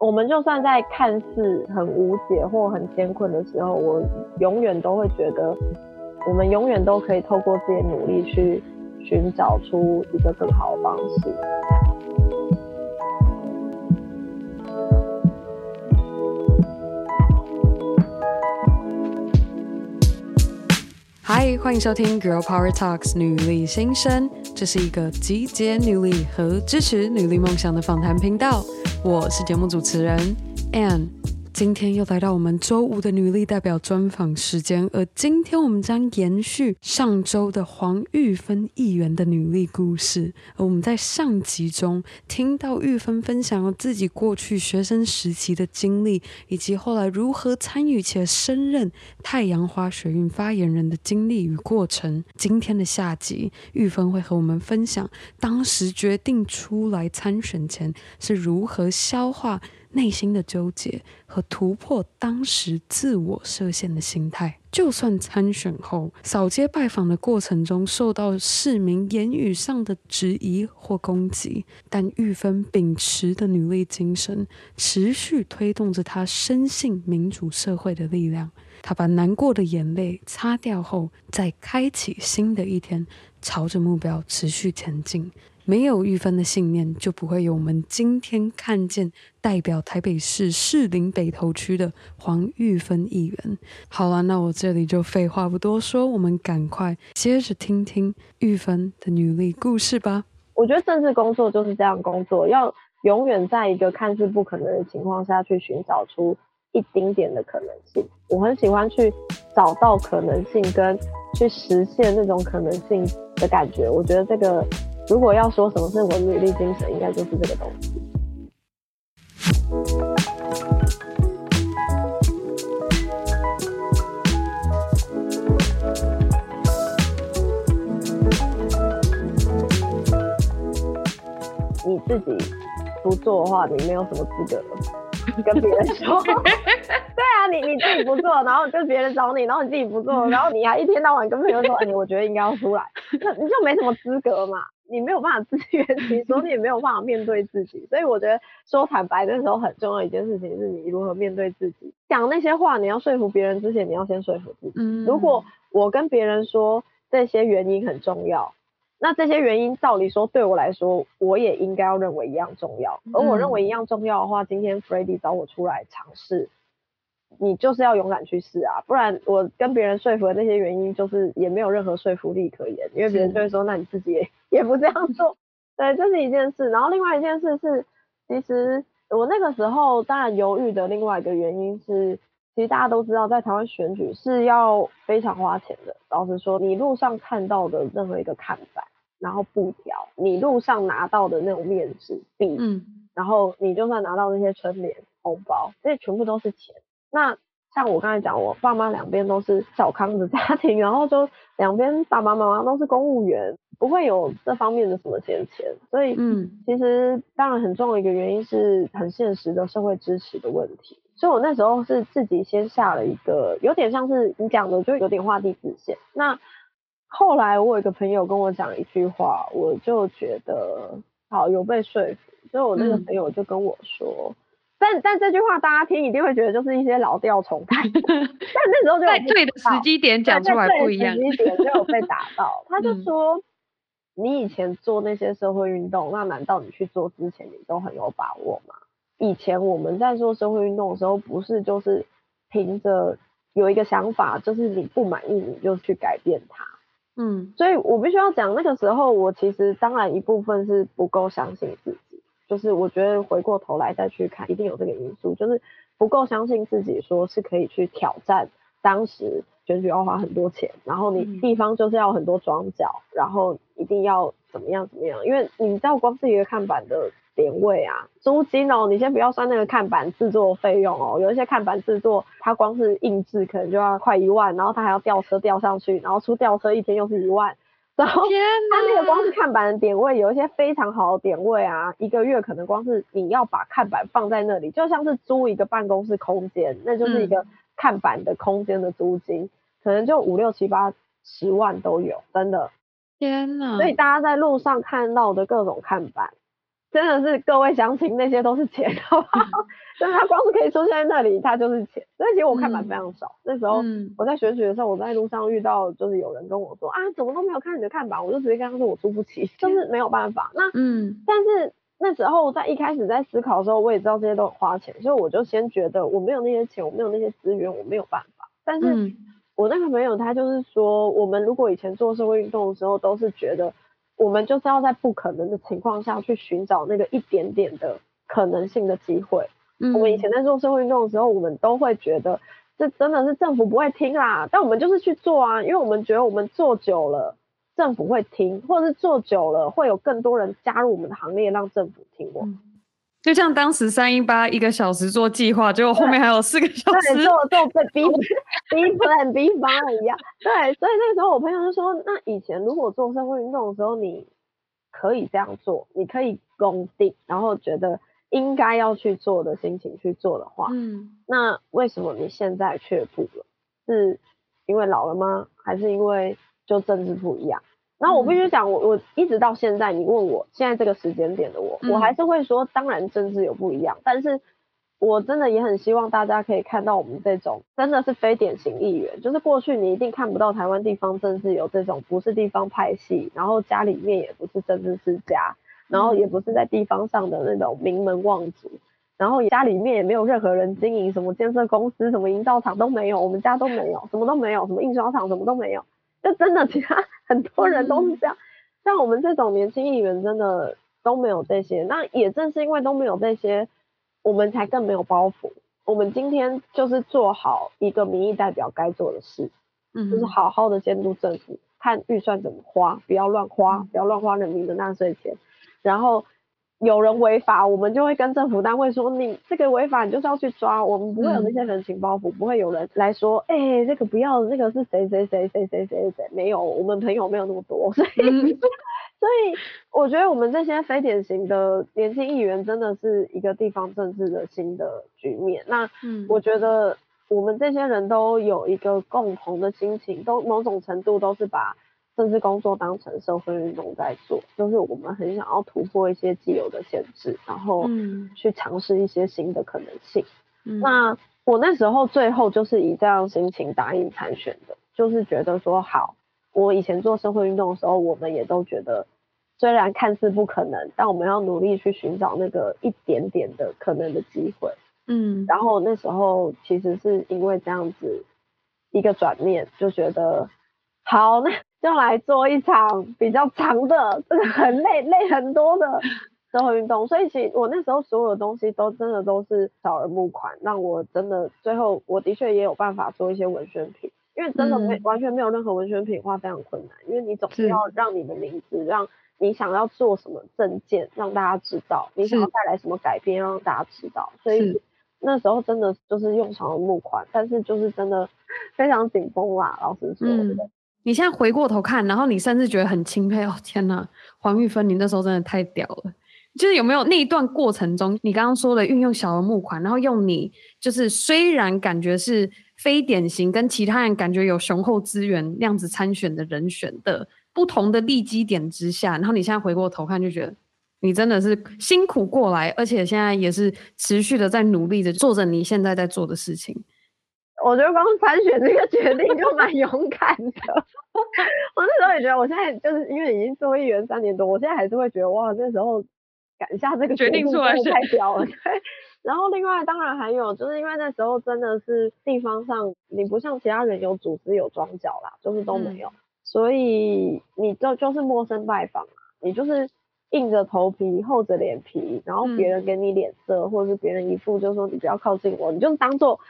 我們就算在看似很無解或很艱困的時候，我永遠都會覺得，我們永遠都可以透過自己的努力去尋找出一個更好的方式。嗨，歡迎收聽《Girl Power Talks》女力新生，這是一個集結女力和支持女力夢想的訪談頻道。我是節目主持人 Anne 今天又來到我們週五的女力代表專訪時間，而今天我們將延續上週的黃郁芬議員的女力故事。而我們在上集中聽到郁芬分享了自己過去學生時期的經歷，以及後來如何參與且身任太陽花學運發言人的經歷與過程。今天的下集，郁芬會和我們分享當時決定出來參選前，是如何消化內心的糾結和突破當時自我設限的心態，就算參選後掃街拜訪的過程中受到市民言語上的質疑或攻擊，但郁芬秉持的女力精神，持續推動着她深信民主社會的力量。她把難過的眼淚擦掉後，再開啟新的一天，朝着目標持續前進。沒有郁芬的信念，就不會有我們今天看見代表台北市士林北投區的黃郁芬議員。好了，那我這裡就廢話不多說，我們趕快接着聽聽郁芬的女力故事吧。我覺得政治工作就是這樣工作，要永遠在一個看似不可能的情況下去尋找出一丁點的可能性。我很喜歡去找到可能性跟去實現那種可能性的感覺。我覺得這個。如果要說什麼是女力精神，應該就是這個東西。 你自己不做的話，你沒有什麼資格跟別人說。 對啊，你你自己不做，然後就別人找你，然後你自己不做，然後你還一天到晚跟朋友說， 哎，我覺得應該要出來，那你就沒什麼資格嘛。你沒有辦法自圓其說，所以你也沒有辦法面對自己。所以我覺得說坦白的時候很重要一件事情，是你如何面對自己。講那些話，你要說服別人之前，你要先說服自己。嗯、如果我跟別人說這些原因很重要，那這些原因照理說對我來說，我也應該要認為一樣重要。而我認為一樣重要的話，嗯、今天 Freddy 找我出來嘗試。你就是要勇敢去試啊，不然我跟別人說服的那些原因，就是也沒有任何說服力可言，因為別人就會說，那你自己也，也不這樣做。對，這是一件事。然後另外一件事是，其實我那個時候當然猶豫的另外一個原因是，其實大家都知道，在台灣選舉是要非常花錢的。老實說，你路上看到的任何一個看板，然後布條，你路上拿到的那種面紙幣、嗯，然後你就算拿到那些春聯、紅包，這些全部都是錢。那像我剛才講，我爸媽兩邊都是小康的家庭，然後就兩邊爸爸媽媽都是公務員，不會有這方面的什麼閒錢，所以嗯，其實當然很重要的一個原因是很現實的社會支持的問題，所以我那時候是自己先下了一個有點像是你講的，就有點畫地自限。那後來我有一個朋友跟我講一句話，我就覺得好有被說服，所以我那個朋友就跟我說。嗯但但這句話大家聽一定會覺得就是一些老調重彈， 但那時候就在對的時機點講出來不一樣。對的時機點就有被打到，他就說，嗯、你以前做那些社會運動，那難道你去做之前你都很有把握嗎？以前我們在做社會運動的時候，不是就是憑着有一個想法，就是你不滿意你就去改變它。嗯，所以我必須要講，那個時候我其實當然一部分是不夠相信自己。就是我覺得回過頭來再去看，一定有這個因素，就是不夠相信自己，說是可以去挑戰。當時選舉要花很多錢，然後你地方就是要很多樁腳，然後一定要怎麼樣怎麼樣，因為你知道光是一個看板的點位啊，租金哦，你先不要算那個看板制作費用哦，有一些看板制作它光是印製可能就要快一萬，然後它還要吊車吊上去，然後出吊車一天又是一萬。然後，天哪，它那個光是看板的點位，有一些非常好的點位啊，一個月可能光是你要把看板放在那裡，就像是租一個辦公室空間，那就是一個看板的空間的租金，嗯、可能就五六七八十萬都有，真的。天哪！所以大家在路上看到的各種看板。真的是各位鄉親，那些都是錢，好、嗯、好，就 是他光是可以出現在那裡，他就是錢。所以其實我看板非常少，嗯、那時候我在選舉的時候，我在路上遇到就是有人跟我說啊，怎麼都沒有看你的看板，我就直接跟他說我租不起，就、嗯、是沒有辦法。那嗯，但是那時候在一開始在思考的時候，我也知道這些都很花錢，所以我就先覺得我沒有那些錢，我沒有那些資源，我沒有辦法。但是我那個朋友他就是說，我們如果以前做社會運動的時候，都是覺得。我們就是要在不可能的情況下去尋找那個一點點的可能性的機會。嗯。我們以前在做社會運動的時候，我們都會覺得這真的是政府不會聽啦，但我們就是去做啊，因為我們覺得我們做久了，政府會聽，或者是做久了，會有更多人加入我們的行列，讓政府聽過。就像當時三一八一個小時做計劃，結果後面還有四個小時。就我做做 B、B plan、B 方案一樣。對，所以那時候我朋友就說：“那以前如果做社會運動的時候，你可以這樣做，你可以公定，然後覺得應該要去做的心情去做的話，嗯，那為什麼你現在卻步了？是因為老了嗎？還是因為就政治不一樣？”那我必須講，我我一直到現在，你問我現在這個時間點的我，嗯，我還是會說，當然政治有不一樣，但是我真的也很希望大家可以看到我們這種真的是非典型議員，就是過去你一定看不到台灣地方政治有這種不是地方派系，然後家裡面也不是政治世家，然後也不是在地方上的那種名門望族，然後家裡面也沒有任何人經營什麼建設公司、什麼營造廠都沒有，我們家都沒有，什麼都沒有，什麼，什麼印刷廠什麼都沒有。就真的，其他很多人都是這樣，嗯、像我們這種年輕議員，真的都沒有這些。那也正是因為都沒有這些，我們才更沒有包袱。我們今天就是做好一個民意代表該做的事，就是好好的監督政府，嗯、看預算怎麼花，不要亂花、嗯，不要亂花人民的納稅錢。然後。有人違法，我們就會跟政府單位說：“你這個違法，你就是要去抓。”我們不會有那些人情包袱，嗯、不會有人來說：“哎、欸，這個不要的，那個是誰誰誰誰誰誰誰。”沒有，我們朋友沒有那麼多，所以，嗯、 所以我覺得我們這些非典型的年輕議員真的是一個地方政治的新的局面。那我覺得我們這些人都有一個共同的心情，都某種程度都是把。甚至工作當成社會運動在做，就是我們很想要突破一些既有的限制，然後去嘗試一些新的可能性。嗯、那我那時候最後就是以這樣心情答應參選的，就是覺得說好，我以前做社會運動的時候，我們也都覺得雖然看似不可能，但我們要努力去尋找那個一點點的可能的機會。嗯，然後那時候其實是因為這樣子一個轉念，就覺得好那。用來做一場比較長的，真的很累，累很多的社會運動。所以，其實我那時候所有的東西都真的都是小額募款，讓我真的最後我的確也有辦法做一些文宣品，因為真的沒、嗯、完全沒有任何文宣品的話非常困難，因為你總是要讓你的名字，讓你想要做什麼政見讓大家知道，你想要帶來什麼改變讓大家知道。所以那時候真的就是用小額募款，但是就是真的非常緊繃啦，老實說，嗯你現在回過頭看，然後你甚至覺得很欽佩哦，天哪，黃郁芬，你那時候真的太屌了。就是有沒有那一段過程中，你剛剛說的運用小額募款，然後用你就是雖然感覺是非典型，跟其他人感覺有雄厚資源、量子參選的人選的不同的立基點之下，然後你現在回過頭看就覺得，你真的是辛苦過來，而且現在也是持續的在努力的做着你現在在做的事情。我覺得光參選這個決定就蠻勇敢的 我那時候也覺得，我現在就是因為已經做議員三年多，我現在還是會覺得哇，那時候敢下這個決定出來是太屌了，對。然後另外當然還有，就是因為那時候真的是地方上，你不像其他人有組織有樁腳啦，就是都沒有，嗯、所以你就就是陌生拜訪，你就是硬着頭皮厚着臉皮，然後別人給你臉色，嗯、或者是別人一副就是說你不要靠近我，你就是當做。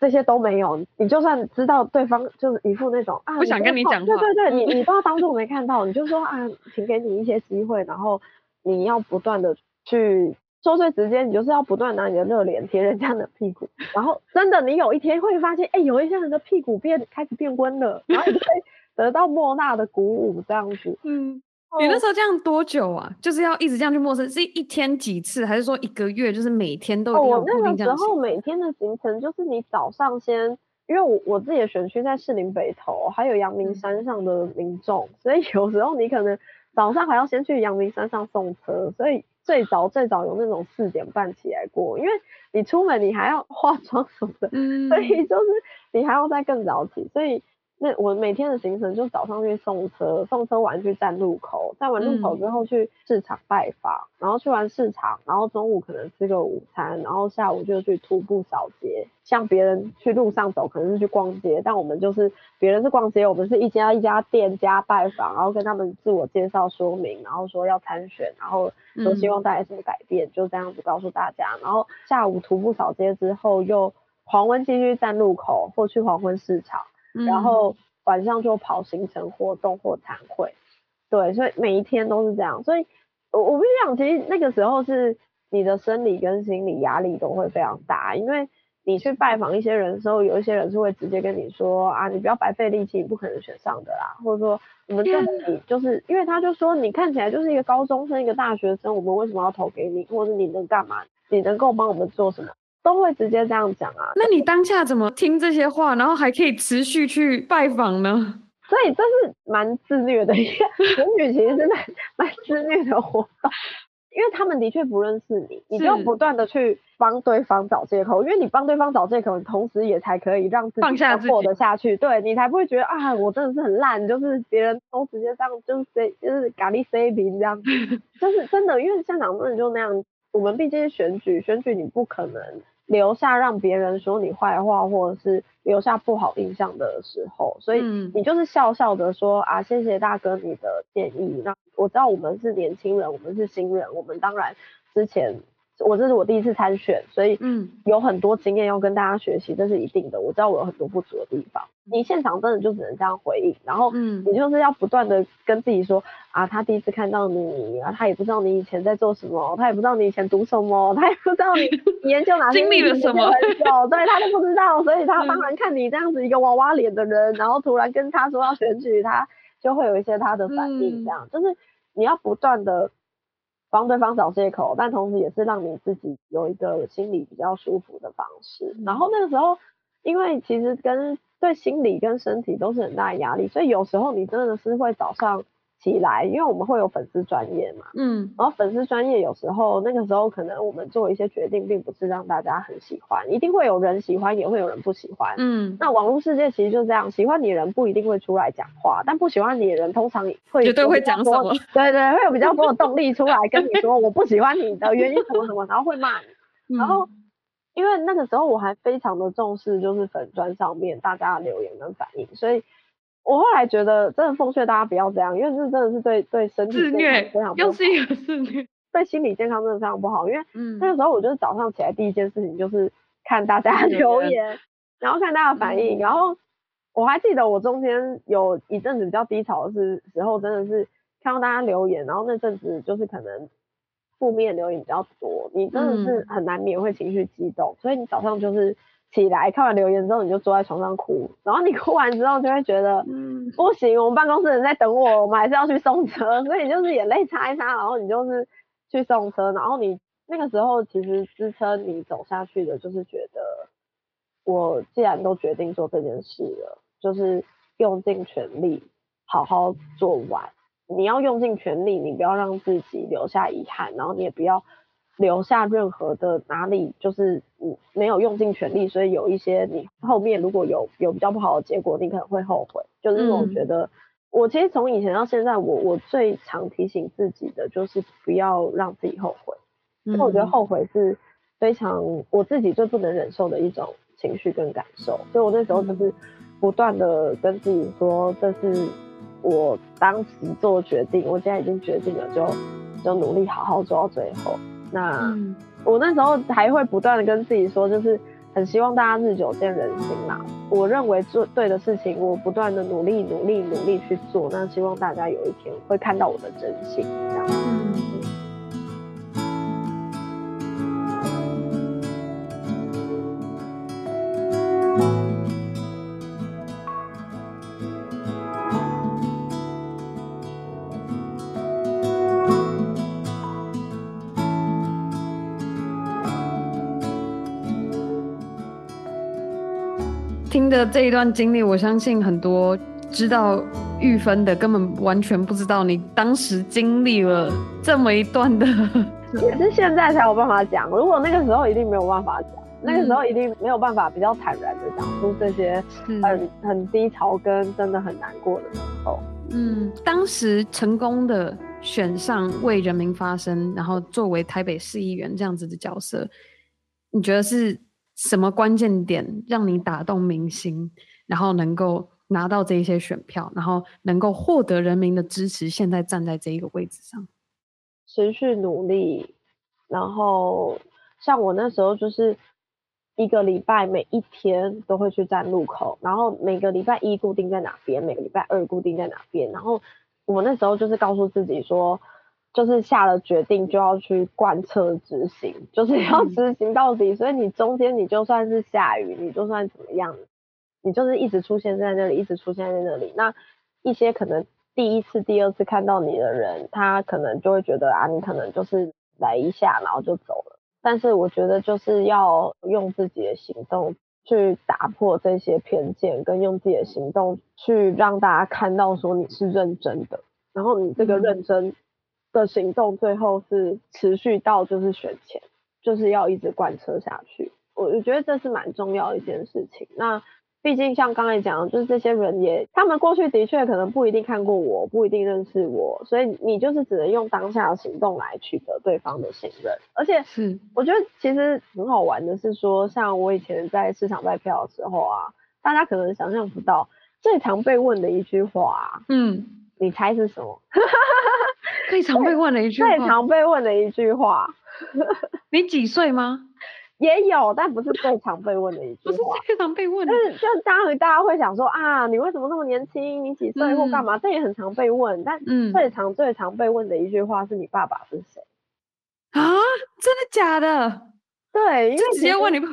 這些都沒有，你就算知道對方就是一副那種啊，不想跟你講話、啊。對對對，你你不要當做沒看到， 你就說啊，請給你一些機會。然後你要不斷的去，說最直接，你就是要不斷拿你的熱臉貼人家的屁股。然後真的，你有一天會發現，哎、欸，有一些人的屁股變開始變溫了，然後你就會得到莫大的鼓舞這樣子。嗯。哦、你那時候這樣多久啊？就是要一直這樣去陌生，是一天幾次，還是說一個月？就是每天都有你、哦、那要然後每天的行程就是你早上先，因為我我自己的選區在士林北投，還有陽明山上的民眾、嗯，所以有時候你可能早上還要先去陽明山上送車，所以最早最早有那種四點半起來過，因為你出門你還要化妝什麼的、嗯，所以就是你還要再更早起，所以。我每天的行程就早上去送車，送車完去站路口，站完路口之後去市場拜訪，嗯，然後去完市場，然後中午可能吃個午餐，然後下午就去徒步掃街。像別人去路上走，可能是去逛街，但我們就是別人是逛街，我們是一家一家店家拜訪，然後跟他們自我介紹說明，然後說要參選，然後說希望大家有什麼改變，嗯，就這樣子告訴大家。然後下午徒步掃街之後，又黃昏繼續站路口或去黃昏市場。然後晚上就跑行程、活動或談會、嗯，對，所以每一天都是這樣。所以，我我跟你講，其實那個時候是你的生理跟心理壓力都會非常大，因為你去拜訪一些人的時候，有一些人是會直接跟你說啊，你不要白費力氣，你不可能選上的啦，或者說，我們這裡就是、嗯、因為他就說，你看起來就是一個高中生、一個大學生，我們為什麼要投給你，或者你能幹嘛？你能夠幫我們做什麼？都會直接這樣講啊？那你當下怎麼聽這些話，然後還可以持續去拜訪呢？所以這是蠻自虐的， 選舉其實是蠻 蠻自虐的活動，因為他們的確不認識你，你就不斷的去幫對方找借口，因為你幫對方找借口，同時也才可以讓自己活得下去，下對你才不會覺得啊、哎，我真的是很爛，就是別人都直接這樣，就是你誰就是咖喱 CP 這樣， 就是真的，因為香港真的就那樣，我們畢竟是選舉，選舉你不可能。留下讓別人說你壞話，或者是留下不好印象的時候，所以你就是笑笑的說，嗯，啊，謝謝大哥你的建議。那我知道我們是年輕人，我們是新人，我們當然之前。我這是我第一次參選，所以嗯，有很多經驗要跟大家學習，這是一定的。我知道我有很多不足的地方，你現場真的就只能這樣回應，然後嗯，你就是要不斷的跟自己說啊，他第一次看到你啊，他也不知道你以前在做什麼，他也不知道你以前讀什麼，他也不知道你， 你研究哪裡，經歷了什麼，對，他都不知道，所以他當然看你這樣子一個娃娃臉的人， 然後突然跟他說要選舉，他就會有一些他的反應，這樣 就是你要不斷的。幫對方找借口，但同時也是讓你自己有一個心理比較舒服的方式。然後那個時候，因為其實跟對心理跟身體都是很大的壓力，所以有時候你真的是會早上。起來，因為我們會有粉絲專頁嘛，嗯，然後粉絲專頁有時候那個時候，可能我們做一些決定，並不是讓大家很喜歡，一定會有人喜歡，也會有人不喜歡，嗯，那網絡世界其實就是這樣，喜歡你的人不一定會出來講話，但不喜歡你的人通常會絕對會講什麼、會說對對，會有比較多的動力出來跟你說我不喜歡你的原因什麼什麼， 然後會罵你、嗯，然後因為那個時候我還非常的重視，就是粉專上面大家的留言跟反應，所以。我後來覺得，真的奉勸大家不要這樣，因為這真的是對對身體非常不好，自虐，又是自虐，對心理健康真的非常不好。因為那個時候我就是早上起來第一件事情就是看大家留言，嗯、然後看大家的反應、嗯，然後我還記得我中間有一陣子比較低潮的時候，真的是看到大家留言，然後那陣子就是可能負面留言比較多，你真的是很難免會情緒激動、嗯，所以你早上就是。起來，看完留言之後你就坐在床上哭，然後你哭完之後就會覺得，嗯，不行，我們辦公室人在等我，我們還是要去送車，所以你就是眼淚擦一擦，然後你就是去送車，然後你那個時候其實支撐你走下去的就是覺得，我既然都決定做這件事了，就是用盡全力好好做完，你要用盡全力，你不要讓自己留下遺憾，然後你也不要。留下任何的哪裡就是我沒有用盡全力，所以有一些你後面如果有有比較不好的結果，你可能會後悔。就是我覺得、嗯、我其實從以前到現在，我我最常提醒自己的就是不要讓自己後悔，因、嗯、為我覺得後悔是非常我自己最不能忍受的一種情緒跟感受。所以我那時候就是不斷的跟自己說，這是我當時做決定，我現在已經決定了，就就努力好好做到最後。那、嗯、我那時候還會不斷的跟自己說，就是很希望大家日久見人心嘛。我認為做對的事情，我不斷的努力、努力、努力去做。那希望大家有一天會看到我的真心。這樣。啊、這一段經歷，我相信很多知道郁芬的根本完全不知道，你當時經歷了這麼一段的，也是現在才有辦法講。如果那個時候一定沒有辦法講。嗯，那個時候一定沒有辦法比較坦然的講出這些很、呃、很低潮跟真的很難過的時候。嗯，當時成功的選上為人民發聲，然後作為台北市議員這樣子的角色，你覺得是？什麼關鍵點讓你打動民心，然後能夠拿到這些選票，然後能夠獲得人民的支持，現在站在這一個位置上，持續努力。然後像我那時候，就是一個禮拜每一天都會去站路口，然後每個禮拜一固定在哪邊，每個禮拜二固定在哪邊。然後我那時候就是告訴自己說，就是下了決定就要去貫徹執行，就是要執行到底。 所以你中間你就算是下雨，你就算怎麼樣，你就是一直出現在那裡，一直出現在那裡。那一些可能第一次、第二次看到你的人，他可能就會覺得啊，你可能就是來一下，然後就走了。但是我覺得就是要用自己的行動去打破這些偏見，跟用自己的行動去讓大家看到說你是認真的，然後你這個認真。嗯的行動最後是持續到就是選前，就是要一直貫徹下去。我我覺得這是蠻重要的一件事情。那畢竟像剛才講的，就是這些人也，他們過去的確可能不一定看過我，不一定認識我，所以你就是只能用當下的行動來取得對方的信任。而且是，我覺得其實很好玩的是說，像我以前在市場拜票的時候啊，大家可能想象，不到，最常被問的一句話啊，嗯，你猜是什麼？ 最常 okay, 最常被問的一句最常被問的一句話， 你幾歲嗎？也有，但不是最常被問的一句話。 不是最常被問的，就是相當於大家會想說啊，你為什麼那麼年輕？你幾歲或幹嘛？這、嗯、也很常被問，但最常最常被問的一句話是，你爸爸是誰、嗯？啊，真的假的？對，因為直接問你爸，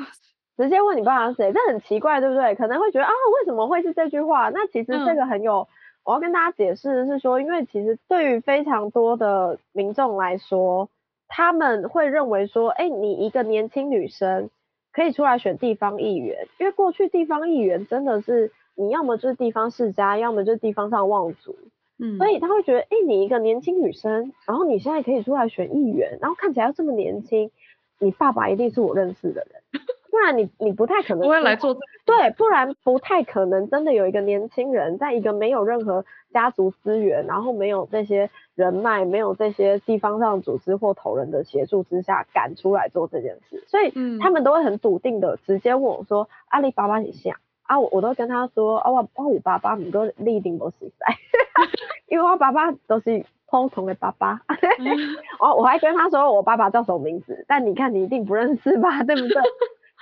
直接問你爸爸是誰，這很奇怪，對不對？可能會覺得啊，為什麼會是這句話？那其實這個很有。嗯我要跟大家解釋的是說，因為其實對於非常多的民眾來說，他們會認為說，哎、欸，你一個年輕女生可以出來選地方議員，因為過去地方議員真的是你要麼就是地方世家，要麼就是地方上望族、嗯，所以他會覺得，哎、欸，你一個年輕女生，然後你現在可以出來選議員，然後看起來又這麼年輕，你爸爸一定是我認識的人。 不然你你不太可能，不會來做、這個。對，不然不太可能真的有一個年輕人，在一個沒有任何家族資源，然後沒有這些人脈，沒有這些地方上組織或頭人的協助之下，敢出來做這件事。所以他們都會很篤定的直接問我說：“你爸爸是誰？」啊？”我我都跟他說：“哦、啊，我爸爸你一定不知道， 因為我爸爸都是普通的爸爸。 嗯”我我還跟他說我爸爸叫什麼名字，但你看你一定不認識吧？對不對？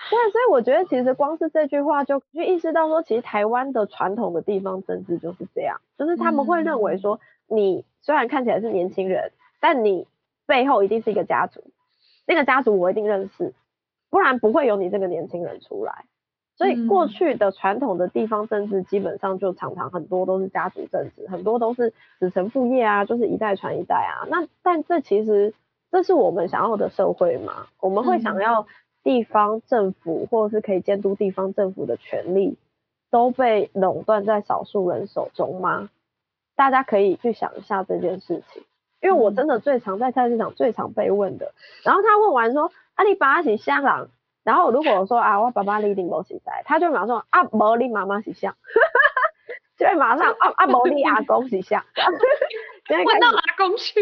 對，所以我覺得其實光是這句話就就意識到說，其實台灣的傳統的地方政治就是這樣，就是他們會認為說，你雖然看起來是年輕人，但你背後一定是一個家族，那個家族我一定認識，不然不會有你這個年輕人出來。所以過去的傳統的地方政治基本上就常常很多都是家族政治，很多都是子承父業啊，就是一代傳一代啊。那但這其實這是我們想要的社會嘛，我們會想要。嗯哼。地方政府或者是可以監督地方政府的權力都被壟斷在少數人手中嗎？大家可以去想一下這件事情，因為我真的最常在菜市場最常被問的，嗯、然後他問完說，啊，你爸爸是鄉長，然後如果說，啊，我爸爸你一定不是在，他就馬上說，啊，無你媽媽是鄉 就會馬上按按摩力亞，恭喜一下，啊、 問到阿公去，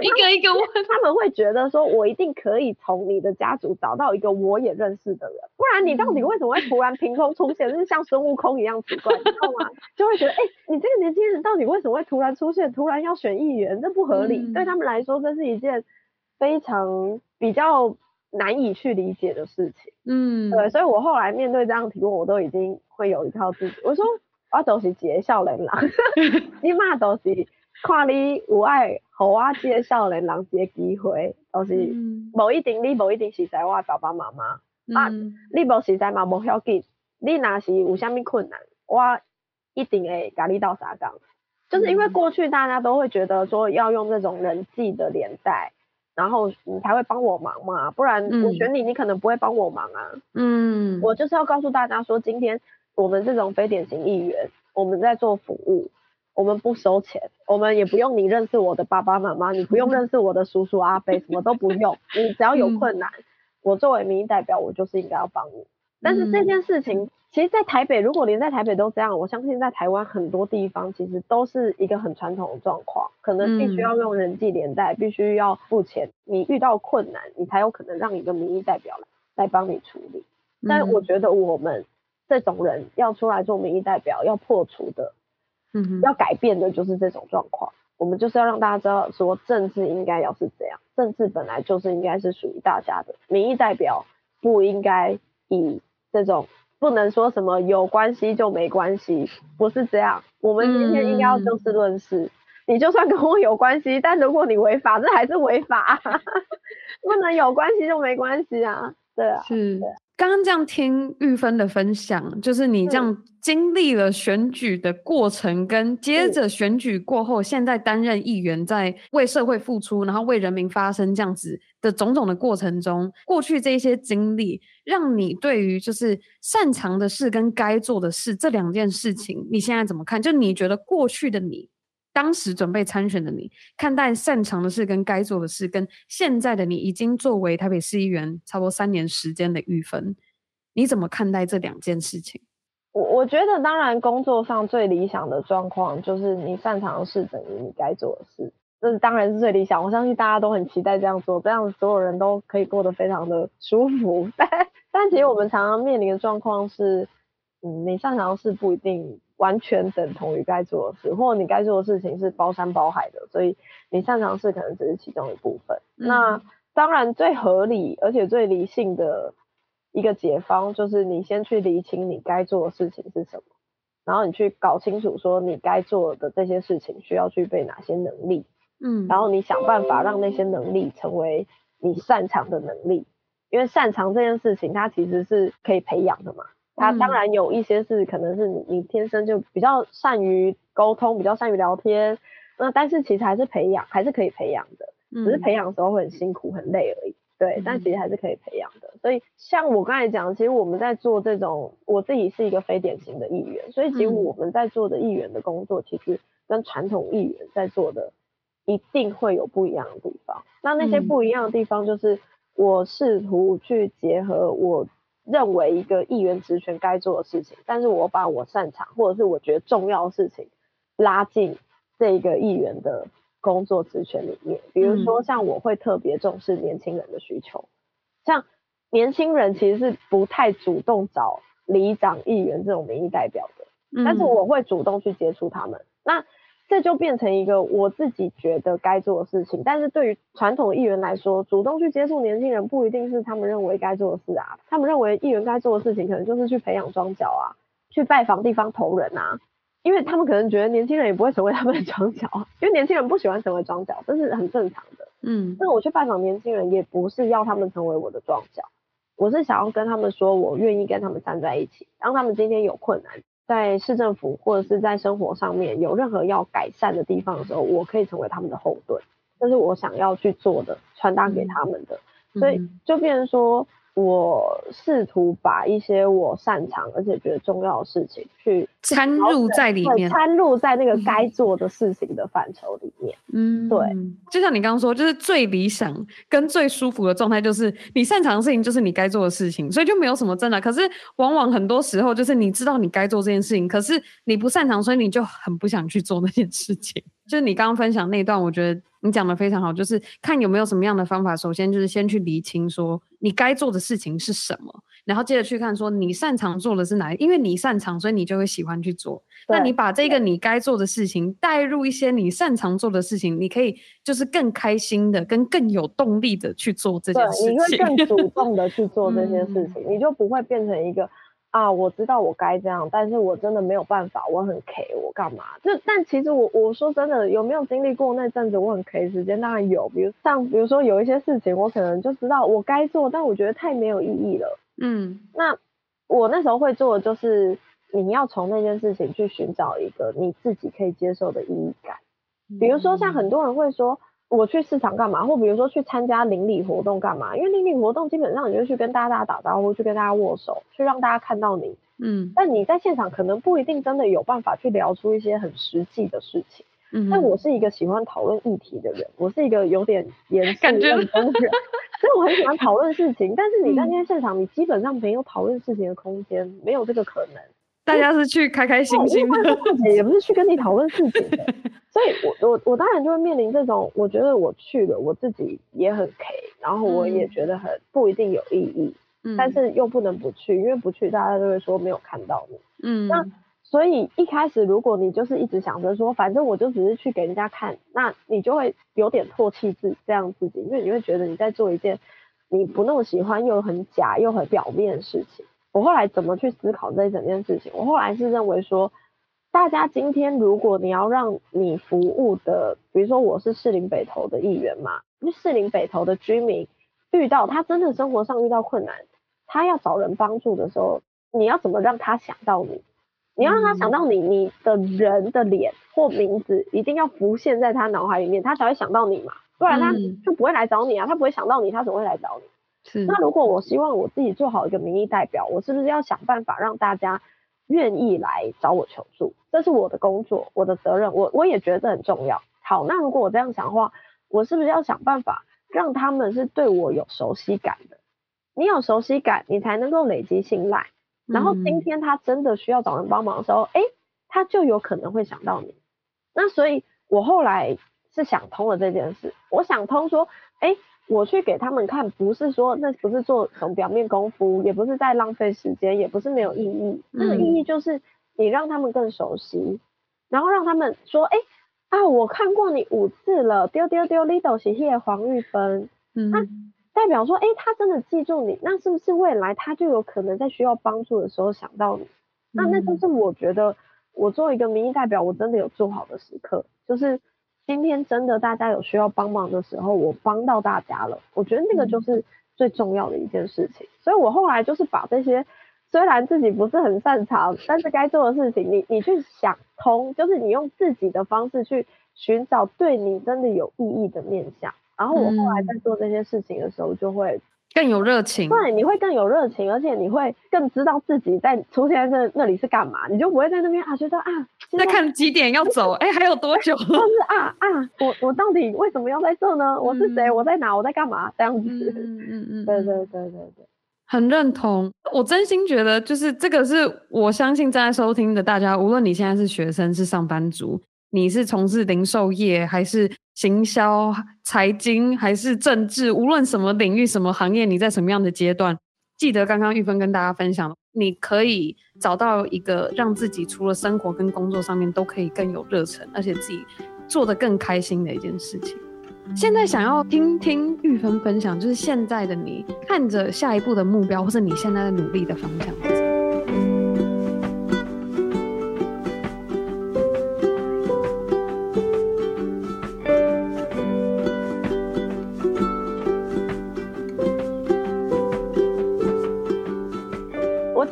一個一個問， 他們會覺得說，我一定可以從你的家族找到一個我也認識的人，不然你到底為什麼會突然憑空出現，就 是像孫悟空一樣奇怪，你知道嗎？就會覺得，哎、欸，你這個年輕人到底為什麼會突然出現，突然要選議員，這不合理，嗯、對他們來說，這是一件非常比較難以去理解的事情。嗯，對，所以我後來面對這樣的提問，我都已經會有一套自己，我說。我都是一個少年人， 你嘛都是看你有愛，給我這個少年人這個機會，都、就是，嗯，無一定你無一定是在我爸爸媽媽、嗯，啊，你無實在嘛無要緊，你若是有啥物困難，我一定會跟你到啥講。就是因為過去大家都會覺得說要用那種人際的連帶，然後你才會幫我忙嘛，不然我選你，你可能不會幫我忙啊。嗯，我就是要告訴大家說今天，我們這種非典型議員，我們在做服務，我們不收錢，我們也不用你認識我的爸爸媽媽，你不用認識我的叔叔阿伯， 什麼都不用，你只要有困難，嗯、我作為民意代表，我就是應該要幫你。但是這件事情，其實，在台北，如果連在台北都這樣，我相信在台灣很多地方，其實都是一個很傳統的狀況，可能必須要用人際連帶，必須要付錢，你遇到困難，你才有可能讓一個民意代表來幫你處理。但我覺得我們，嗯這種人要出來做民意代表，要破除的，嗯，要改變的就是這種狀況。我們就是要讓大家知道說，政治應該要是這樣，政治本來就是應該是屬於大家的。民意代表不應該以這種不能說什麼有關係就沒關係，不是這樣。我們今天應該要就事論事、嗯。你就算跟我有關係，但如果你違法，這還是違法啊。 不能有關係就沒關係啊，對啊，是。剛剛這樣聽郁芬的分享，就是你這樣經歷了選舉的過程，跟接着選舉過後，現在擔任議員，在為社會付出，然後為人民發聲這樣子的種種的過程中，過去這些經歷，讓你對於就是擅長的事跟該做的事這兩件事情，你現在怎麼看？就你覺得過去的你？當時準備參選的你，看待擅長的事跟該做的事，跟現在的你已經作為台北市議員差不多三年時間的郁芬，你怎麼看待這兩件事情？我我覺得，當然工作上最理想的狀況就是你擅長的事等於你該做的事，這是當然是最理想，我相信大家都很期待這樣做，這樣所有人都可以過得非常的舒服。但，但其實我們常常面臨的狀況是，嗯，你擅長的事不一定。完全等同於該做的事，或你該做的事情是包山包海的，所以你擅長的事可能只是其中一部分。嗯、那當然最合理而且最理性的一個解方，就是你先去理清你該做的事情是什麼，然後你去搞清楚說你該做的這些事情需要具備哪些能力，嗯，然後你想辦法讓那些能力成為你擅長的能力，因為擅長這件事情它其實是可以培養的嘛。他當然有一些是可能是你，你天生就比較善於溝通，比較善於聊天，那但是其實還是培養，還是可以培養的，只是培養的時候會很辛苦很累而已。對、嗯，但其實還是可以培養的。所以像我剛才講，其實我們在做這種，我自己是一個非典型的議員，所以其實我們在做的議員的工作，嗯、其實跟傳統議員在做的一定會有不一樣的地方。那那些不一樣的地方，就是我試圖去結合我，認為一個議員職權該做的事情，但是我把我擅長或者是我覺得重要的事情拉進這一個議員的工作職權裡面。比如說，像我會特別重視年輕人的需求，像年輕人其實是不太主動找里長議員這種名義代表的，但是我會主動去接觸他們。那這就變成一個我自己覺得該做的事情，但是對於傳統議員來說，主動去接觸年輕人不一定是他們認為該做的事啊。他們認為議員該做的事情，可能就是去培養樁腳啊，去拜訪地方頭人啊，因為他們可能覺得年輕人也不會成為他們的樁腳，因為年輕人不喜歡成為樁腳，這是很正常的。嗯，那我去拜訪年輕人，也不是要他們成為我的樁腳，我是想要跟他們說我願意跟他們站在一起，讓他們今天有困難，在市政府或者是在生活上面有任何要改善的地方的時候，我可以成為他們的後盾，這就是我想要去做的，傳達給他們的。所以就變成說。我試圖把一些我擅長而且覺得重要的事情去摻入在裡面，摻入在那個該做的事情的範疇裡面。嗯，對。就像你剛剛說，就是最理想跟最舒服的狀態，就是你擅長的事情就是你該做的事情，所以就沒有什麼真的。可是往往很多時候，就是你知道你該做這件事情，可是你不擅長，所以你就很不想去做那件事情。就是你剛剛分享那一段，我覺得你講的非常好。就是看有沒有什麼樣的方法，首先就是先去理清說你該做的事情是什麼，然後接着去看說你擅長做的是哪，因為你擅長，所以你就會喜歡去做。那你把這個你該做的事情帶入一些你擅長做的事情，你可以就是更開心的、跟更有動力的去做這件事情。你會更主動的去做這些事情， 嗯、你就不會變成一個。啊，我知道我該這樣，但是我真的沒有辦法，我很 K，我幹嘛？就但其實我我說真的，有沒有經歷過那陣子我很 K 時間？當然有，比如像比如說有一些事情，我可能就知道我該做，但我覺得太沒有意義了。嗯，那我那時候會做的就是，你要從那件事情去尋找一個你自己可以接受的意義感，比如說像很多人會說。我去市場幹嘛？或比如說去參加鄰里活動幹嘛？因為鄰里活動基本上你就去跟大家打招呼，去跟大家握手，去讓大家看到你。嗯。但你在現場可能不一定真的有辦法去聊出一些很實際的事情。嗯。但我是一個喜歡討論議題的人，我是一個有點嚴肅認真的人，所以 我很喜歡討論事情。但是你在那些現場，你基本上沒有討論事情的空間，沒有這個可能。大家是去開開心心的， 也不是去跟你討論事情的，所以我，我我我當然就會面臨這種，我覺得我去了，我自己也很 K，然後我也覺得很不一定有意義，嗯，但是又不能不去，因為不去大家就會說沒有看到你，嗯，那所以一開始如果你就是一直想着說，反正我就只是去給人家看，那你就會有點唾棄自這樣自己，因為你會覺得你在做一件你不那麼喜歡又很假又很表面的事情。我後來怎麼去思考這一整件事情？我後來是認為說，大家今天如果你要讓你服務的，比如說我是士林北投的議員嘛，那士林北投的居民遇到他真的生活上遇到困難，他要找人幫助的時候，你要怎麼讓他想到你？你要讓他想到你，嗯、你的人的臉或名字一定要浮現在他腦海裡面，他才會想到你嘛，不然他就不會來找你啊，嗯、他不會想到你，他怎麼會來找你？那如果我希望我自己做好一個民意代表，我是不是要想辦法讓大家願意來找我求助？這是我的工作，我的責任，我我也覺得很重要。好，那如果我這樣想的話，我是不是要想辦法讓他們是對我有熟悉感的？你有熟悉感，你才能夠累積信賴，然後今天他真的需要找人幫忙的時候，嗯、誒，他就有可能會想到你。那所以，我後來是想通了這件事，我想通說，誒……我去給他們看，不是說那不是做從表面功夫，也不是在浪費時間，也不是沒有意義。嗯、那的、個、意義就是你讓他們更熟悉，然後讓他們說，哎、欸，啊，我看過你五次了，丟丟丟，李朵寫謝黃郁芬，那、嗯啊、代表說，哎、欸，他真的記住你，那是不是未來他就有可能在需要幫助的時候想到你？那、嗯啊、那就是我覺得我作為一個民意代表，我真的有做好的時刻，就是。今天真的，大家有需要幫忙的時候，我幫到大家了。我覺得那個就是最重要的一件事情。嗯。所以我後來就是把這些雖然自己不是很擅長，但是該做的事情，你你去想通，就是你用自己的方式去尋找對你真的有意義的面向。然後我後來在做這些事情的時候，就會更有熱情。對，你會更有熱情，而且你會更知道自己在出現在那那裡是幹嘛，你就不會在那邊啊覺得啊。在看幾點要走？哎、 欸，還有多久了？就是啊啊，我我到底為什麼要在這呢？ 我是誰？我在哪？我在幹嘛，嗯？這樣子，嗯嗯嗯，對，對對對對對，很認同。我真心覺得，就是這個是我相信正在收聽的大家，無論你現在是學生、是上班族，你是從事零售業，還是行銷、財經，還是政治，無論什麼領域、什麼行業，你在什麼樣的階段，記得剛剛郁芬跟大家分享你可以找到一個讓自己除了生活跟工作上面都可以更有熱忱，而且自己做得更開心的一件事情。現在想要聽聽郁芬分、分享，就是現在的你看着下一步的目標，或是你現在的努力的方向。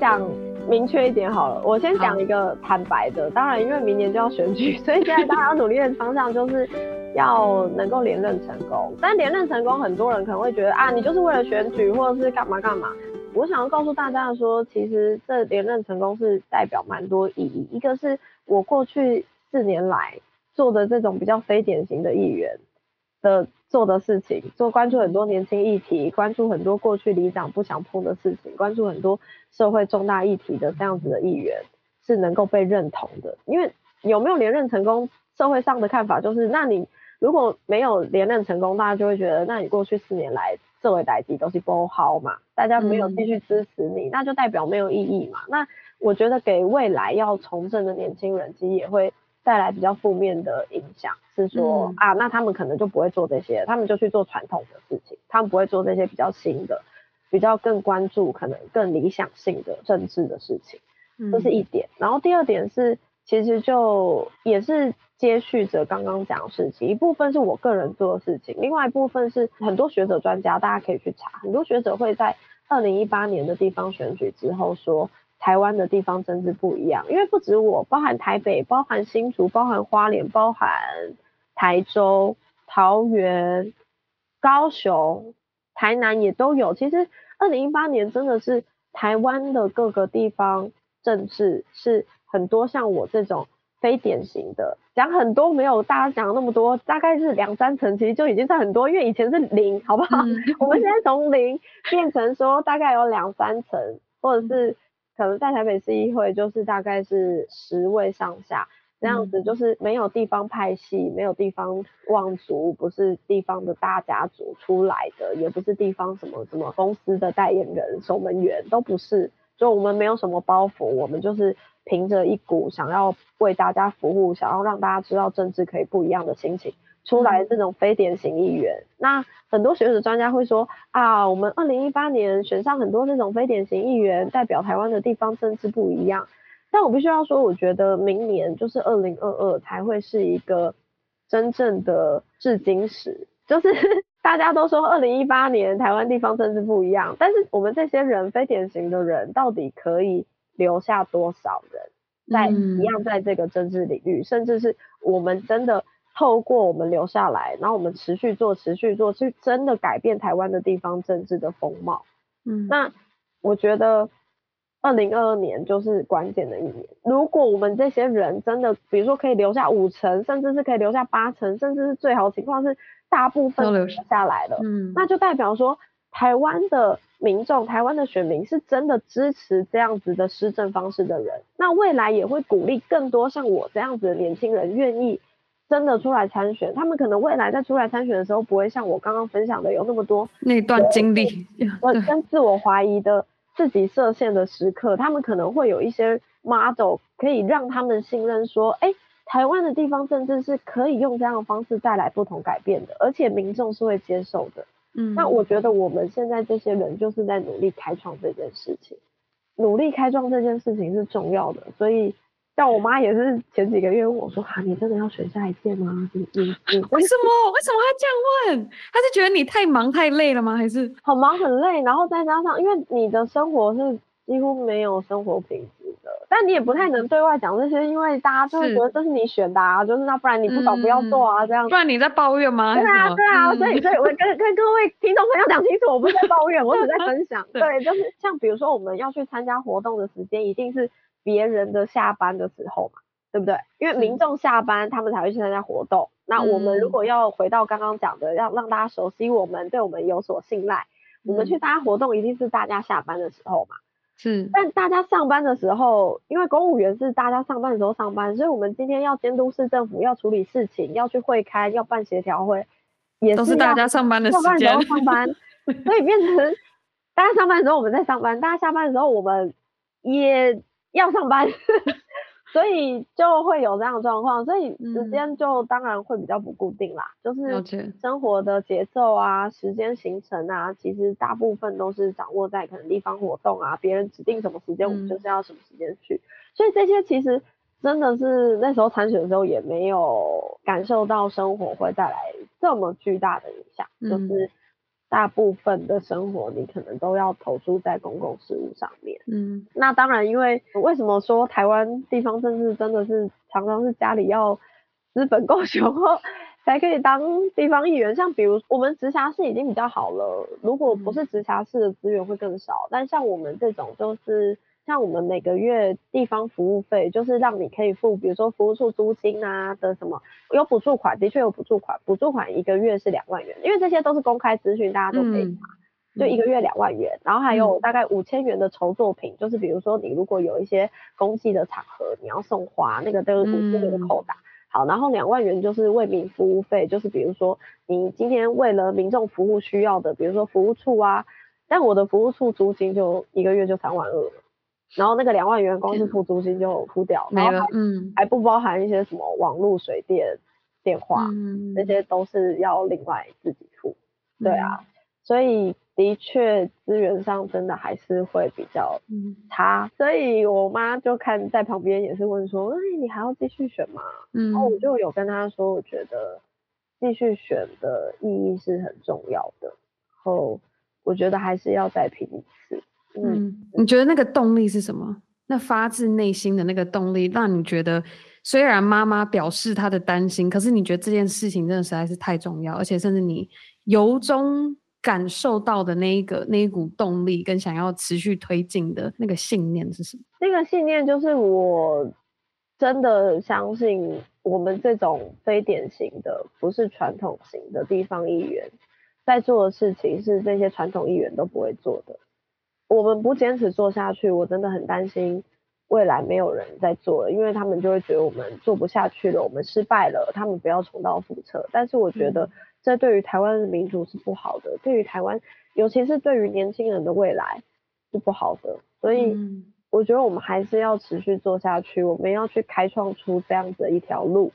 講明確一點好了，我先講一個坦白的。啊、當然，因為明年就要選舉，所以現在大家要努力的方向就是要能夠連任成功。 但連任成功，很多人可能會覺得啊，你就是為了選舉，或者是幹嘛幹嘛。我想要告訴大家說，其實這連任成功是代表蠻多意義。一個是我過去四年來做的這種比較非典型的議員的做的事情，做關注很多年輕議題，關注很多過去里長不想碰的事情，關注很多社會重大議題的這樣子的議員是能夠被認同的。因為有沒有連任成功，社會上的看法就是，那你如果沒有連任成功，大家就會覺得，那你過去四年來作為代積都是剝耗嘛，大家沒有繼續支持你，嗯，那就代表沒有意義嘛。那我覺得給未來要從政的年輕人，其實也會帶來比較負面的影響。是說、嗯、啊，那他們可能就不會做這些，他們就去做傳統的事情，他們不會做這些比較新的、比較更關注、可能更理想性的政治的事情，這、就是一點、嗯。然後第二點是，其實就也是接續着剛剛講的事情，一部分是我個人做的事情，另外一部分是很多學者專家，大家可以去查，很多學者會在二零一八年的地方選舉之後說。台灣的地方政治不一樣，因為不止我，包含台北、包含新竹、包含花蓮、包含台中、桃園、高雄、台南也都有。其實二零一八年真的是台灣的各個地方政治是很多，像我這種非典型的講很多沒有大家講那麼多，大概是兩三層，其實就已經是很多，因為以前是零，好不好？ 我們現在從零變成說大概有兩三層，或者是。可能在台北市議會就是大概是十位上下這樣子，就是沒有地方派系，嗯、沒有地方望族，不是地方的大家族出來的，也不是地方什麼什麼公司的代言人、守門員，都不是，就我們沒有什麼包袱，我們就是憑着一股想要為大家服務、想要讓大家知道政治可以不一樣的心情。出來這種非典型議員，嗯，那很多學者專家會說啊，我們二零一八年選上很多這種非典型議員，代表台灣的地方政治不一樣。但我必須要說，我覺得明年就是二零二二才會是一個真正的試金石，就是大家都說二零一八年台灣地方政治不一樣，但是我們這些人非典型的人到底可以留下多少人在，在、嗯、一樣在這個政治領域，甚至是我們真的。透過我們留下來，然後我們持續做，持續做，去真的改變台灣的地方政治的風貌。嗯，那我覺得二零二二年就是關鍵的一年。如果我們這些人真的，比如說可以留下五成，甚至是可以留下八成，甚至是最好情況是大部分都留下來了，嗯，那就代表說台灣的民眾、台灣的選民是真的支持這樣子的施政方式的人。那未來也會鼓勵更多像我這樣子的年輕人願意。真的出來參選，他們可能未來在出來參選的時候，不會像我剛剛分享的有那麼多那段經歷，跟自我懷疑的、自己設限的時刻，他們可能會有一些 model 可以讓他們信任，說，哎，台灣的地方政治是可以用這樣的方式帶來不同改變的，而且民眾是會接受的。嗯，那我覺得我們現在這些人就是在努力開創這件事情，努力開創這件事情是重要的，所以。像我媽也是前幾個月，問我說哈、啊，你真的要選下一屆嗎？嗯，嗯，嗯為什麼？ 為什麼她這樣問？她是覺得你太忙太累了嗎？還是很忙很累，然後再加上，因為你的生活是幾乎沒有生活品質的，但你也不太能對外講這些，嗯，因為大家就是覺得這是你選的啊，是，就是那不然你不早不要做啊，嗯，這樣。不然你在抱怨嗎？對啊，對啊，嗯，所以所以我跟 跟各位聽眾朋友講清楚，我不是在抱怨，我只在分享。 對，對，就是像比如說我們要去參加活動的時間，一定是。別人的下班的時候嘛，對不對？因為民眾下班，他們才會去參加活動。那我們如果要回到剛剛講的、嗯，要讓大家熟悉我們，對我們有所信賴，嗯、我們去大家活動一定是大家下班的時候嘛。是。但大家上班的時候，因為公務員是大家上班的時候上班，所以我們今天要監督市政府，要處理事情，要去會開，要辦協調會，也是，都是大家上班的時候。上班的時候上班， 所以變成大家上班的時候我們在上班，大家下班的時候我們也。要上班， 所以就會有這樣的狀況，所以時間就當然會比較不固定啦。就是生活的節奏啊、時間行程啊，其實大部分都是掌握在可能地方活動啊，別人指定什麼時間，我們就是要什麼時間去。所以這些其實真的是那時候參選的時候也沒有感受到生活會帶來這麼巨大的影響，就是。大部分的生活你可能都要投注在公共事務上面。嗯，那當然，因為為什麼說台灣地方政治真的是常常是家裡要資本夠雄厚才可以當地方議員？像比如我們直轄市已經比較好了，如果不是直轄市的資源會更少，嗯。但像我們這種就是。像我們每個月地方服務費，就是讓你可以付，比如說服務處租金啊的什麼，有補助款，的確有補助款，補助款一個月是兩萬元，因為這些都是公開資訊，大家都可以查，嗯、就一個月兩萬元，嗯，然後還有大概五千元的籌作品、嗯，就是比如說你如果有一些公祭的場合，你要送花，那個都是補助的扣打、嗯，好，然後兩萬元就是為民服務費，就是比如說你今天為了民眾服務需要的，比如說服務處啊，但我的服務處租金就一個月就三萬二。然後那個兩萬元工資是付租金就付掉，嗯、然後還、嗯、還不包含一些什麼網絡、水電、電話，那、嗯、些都是要另外自己付、嗯。對啊，所以的確資源上真的還是會比較差、嗯。所以我媽就看在旁邊也是問說：“哎，你還要繼續選嗎？”嗯、然後我就有跟她說，我覺得繼續選的意義是很重要的。然後我覺得還是要再拼一次。嗯，嗯，你覺得那個動力是什麼？那發自內心的那個動力，讓你覺得雖然媽媽表示她的擔心，可是你覺得這件事情真的實在是太重要，而且甚至你由衷感受到的那一個那一股動力，跟想要持續推進的那個信念是什麼？那個信念就是，我真的相信我們這種非典型的、不是傳統型的地方議員，在做的事情是這些傳統議員都不會做的。我們不堅持做下去，我真的很擔心未來沒有人在做了，因為他們就會覺得我們做不下去了，我們失敗了，他們不要重蹈覆轍。但是我覺得這對於台灣的民主是不好的、嗯，對於台灣，尤其是對於年輕人的未來是不好的。所以我覺得我們還是要持續做下去，我們要去開創出這樣子的一條路，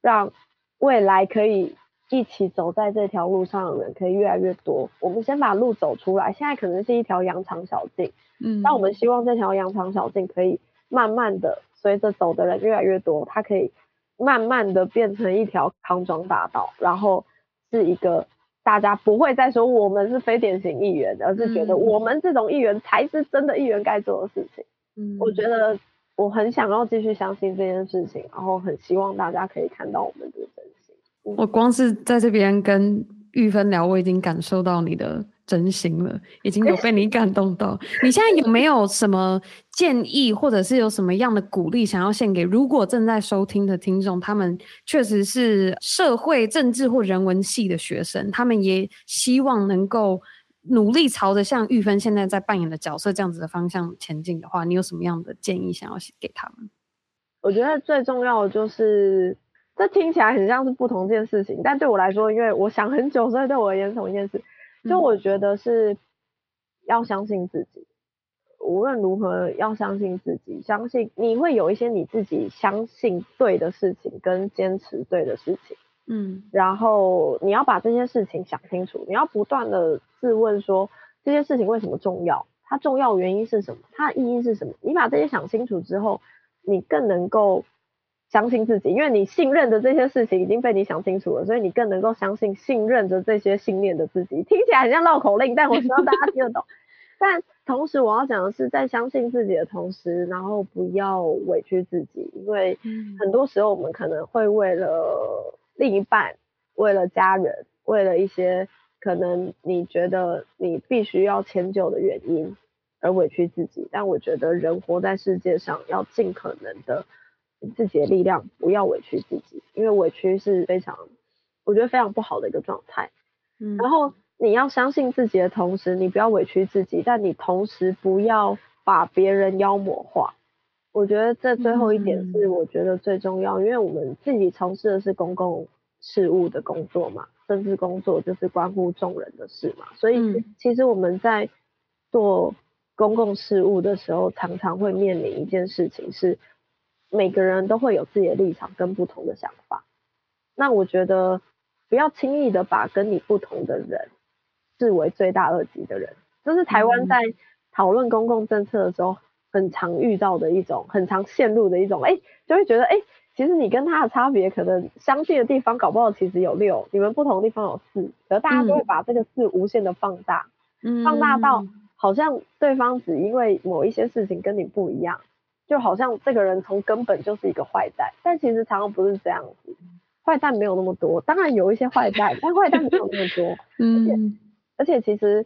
讓未來可以。一起走在這條路上的人可以越來越多。我們先把路走出來，現在可能是一條羊腸小徑，嗯，但我們希望這條羊腸小徑可以慢慢的隨着走的人越來越多，它可以慢慢的變成一條康莊大道，然後是一個大家不會再說我們是非典型議員，而是覺得我們這種議員才是真的議員該做的事情。嗯，我覺得我很想要繼續相信這件事情，然後很希望大家可以看到我們的真。我光是在這邊跟郁芬聊，我已經感受到你的真心了，已經有被你感動到。 你現在有沒有什麼建議，或者是有什麼樣的鼓勵，想要獻給如果正在收聽的聽眾？他們確實是社會政治或人文系的學生，他們也希望能夠努力朝着像郁芬現在在扮演的角色這樣子的方向前進的話，你有什麼樣的建議想要給他們？我覺得最重要的就是。這聽起來很像是不同一件事情，但對我來說，因為我想很久，所以對我而言同一件事，就我覺得是要相信自己，嗯，無論如何要相信自己，相信你會有一些你自己相信對的事情跟堅持對的事情，嗯，然後你要把這些事情想清楚，你要不斷的自問說，這些事情為什麼重要，它重要原因是什麼，它的意義是什麼，你把這些想清楚之後，你更能夠。相信自己，因為你信任的這些事情已經被你想清楚了，所以你更能夠相信、信任的這些信念的自己。聽起來很像繞口令，但我希望大家聽得懂。 但同時，我要講的是，在相信自己的同時，然後不要委屈自己，因為很多時候我們可能會為了另一半、為了家人、為了一些可能你覺得你必須要遷就的原因而委屈自己。但我覺得人活在世界上，要盡可能的。自己的力量，不要委屈自己，因為委屈是非常，我覺得非常不好的一個狀態。嗯，然後你要相信自己的同時，你不要委屈自己，但你同時不要把別人妖魔化。我覺得這最後一點是我覺得最重要，嗯，因為我們自己從事的是公共事務的工作嘛，政治工作就是關乎眾人的事嘛，所以其實我們在做公共事務的時候，常常會面臨一件事情是。每個人都會有自己的立場跟不同的想法，那我覺得不要輕易的把跟你不同的人視為罪大惡極的人，這、就是台灣在討論公共政策的時候很常遇到的一種、很常陷入的一種。哎、欸，就會覺得哎、欸，其實你跟他的差別可能相近的地方搞不好其實有六，你們不同的地方有四，然後大家都會把這個四無限的放大、嗯，放大到好像對方只因為某一些事情跟你不一樣。就好像這個人從根本就是一個壞蛋，但其實常常不是這樣子，壞蛋沒有那麼多，當然有一些壞蛋，但壞蛋沒有那麼多。嗯， 而且其實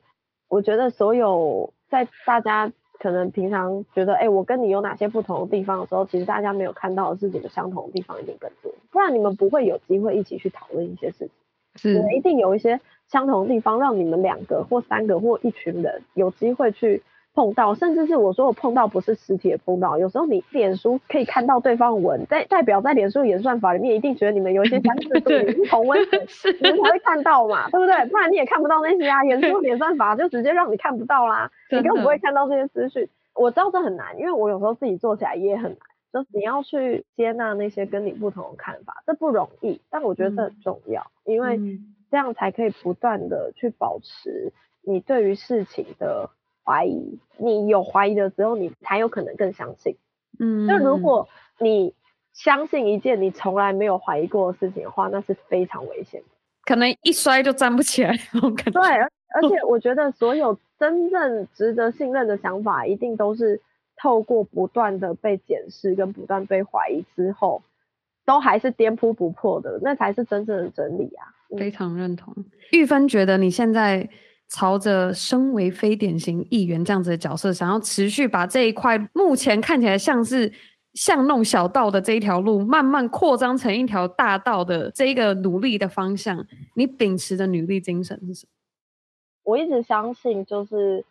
我覺得所有在大家可能平常覺得，哎、欸，我跟你有哪些不同的地方的時候，其實大家沒有看到的是你們相同的地方一定更多，不然你們不會有機會一起去討論一些事情。是，一定有一些相同的地方讓你們兩個或三個或一群人有機會去。碰到，甚至是我說我碰到不是實體的碰到。有時候你臉書可以看到對方的文，在代表在臉書演算法裡面一定覺得你們有一些相似的是同溫層， 你才會看到嘛，對不對？不然你也看不到那些啊。臉書演算法就直接讓你看不到啦，你更不會看到這些資訊。我知道這很難，因為我有時候自己做起來也很難。就你要去接納那些跟你不同的看法，這不容易，但我覺得這很重要，嗯、因為這樣才可以不斷的去保持你對於事情的。懷疑，你有懷疑的時候，你才有可能更相信。嗯，但如果你相信一件你從來沒有懷疑過的事情的話，那是非常危險的，可能一摔就站不起來。感覺。對，而且我覺得所有真正值得信任的想法，一定都是透過不斷的被檢視跟不斷被懷疑之後，都還是顛撲不破的，那才是真正的真理啊！非常認同。郁芬覺得你現在朝着身為非典型議員這樣子的角色，想要持續把這一塊目前看起來像是巷弄小道的這一條路，慢慢擴張成一條大道的這一個努力的方向，你秉持的女力精神是什麼？我一直相信，就是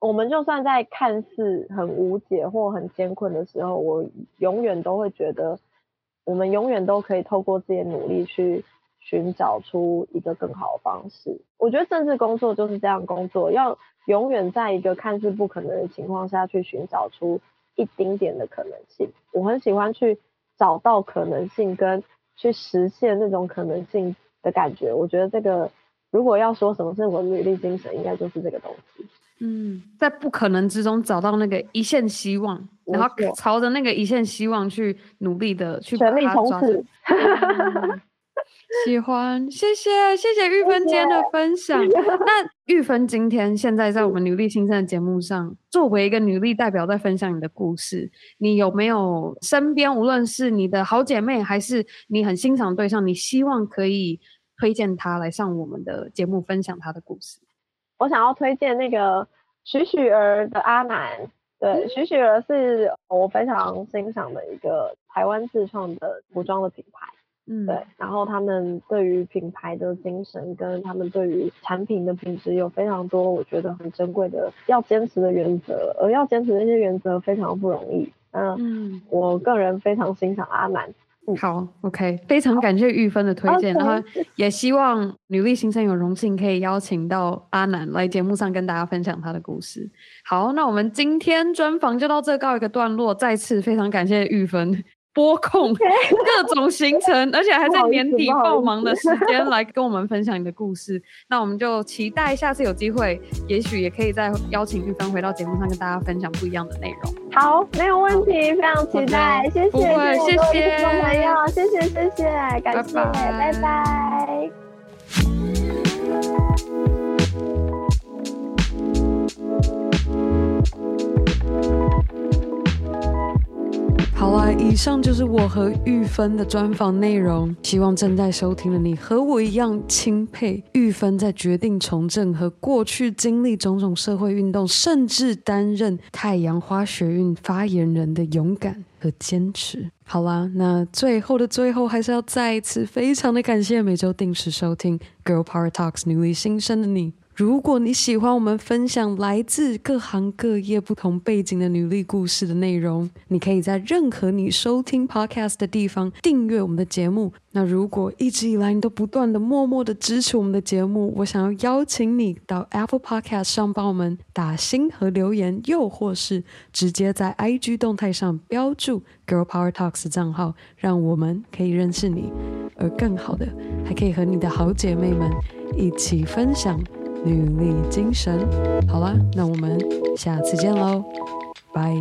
我們就算在看似很無解或很艱困的時候，我永遠都會覺得，我們永遠都可以透過自己的努力去。尋找出一個更好的方式。我覺得政治工作就是這樣，工作要永遠在一個看似不可能的情況下去尋找出一丁點的可能性。我很喜歡去找到可能性，跟去實現那種可能性的感覺。我覺得這個，如果要說什麼是我女力精神，應該就是這個東西。嗯，在不可能之中找到那個一線希望，我然後朝着那個一線希望去努力的去全力衝刺。 喜歡，謝謝謝謝郁芬今天的分享謝謝。那郁芬今天現在在我們女力新生的節目上， 作為一個女力代表在分享你的故事，你有沒有身邊，無論是你的好姐妹，還是你很欣賞的對象，你希望可以推薦她來上我們的節目分享她的故事？我想要推薦那個許許兒的阿南，對、嗯，許許兒是我非常欣賞的一個台灣自創的服裝的品牌。嗯，對，然後他們對於品牌的精神跟他們對於產品的品質有非常多，我覺得很珍貴的要堅持的原則，而要堅持那些原則非常不容易。嗯，我個人非常欣賞阿南。嗯、好，OK，非常感謝郁芬的推薦，然後也希望女力心聲有榮幸可以邀請到阿南來節目上跟大家分享他的故事。好，那我們今天專訪就到這告一個段落，再次非常感謝郁芬。撥、okay. 控各種行程， 而且還在年底爆忙的時間來跟我們分享你的故事， 那我們就期待下次有機會，也許也可以再邀請郁芬回到節目上跟大家分享不一樣的內容。好，沒有問題，非常期待，okay, 謝謝，謝謝，沒有，謝謝，謝謝，感謝，拜拜。好啦，以上就是我和郁芬的專訪內容。希望正在收聽的你和我一樣欽佩郁芬在決定從政和過去經歷種種社會運動，甚至擔任太陽花學運發言人的勇敢和堅持。好啦，那最後的最後，還是要再一次非常的感謝每周定時收聽《Girl Power Talks 女力新生》的你。如果你喜歡我們分享來自各行各業不同背景的女力故事的內容，你可以在任何你收聽 podcast 的地方訂閱我們的節目。那如果一直以來你都不斷的默默的支持我們的節目，我想要邀請你到 Apple Podcast 上幫我們打星和留言，又或是直接在 IG 動態上標注 “Girl Power Talks” 賬號，讓我們可以認識你，而更好的還可以和你的好姐妹們一起分享。女力精神，好啦，那我們下次見嘍，拜。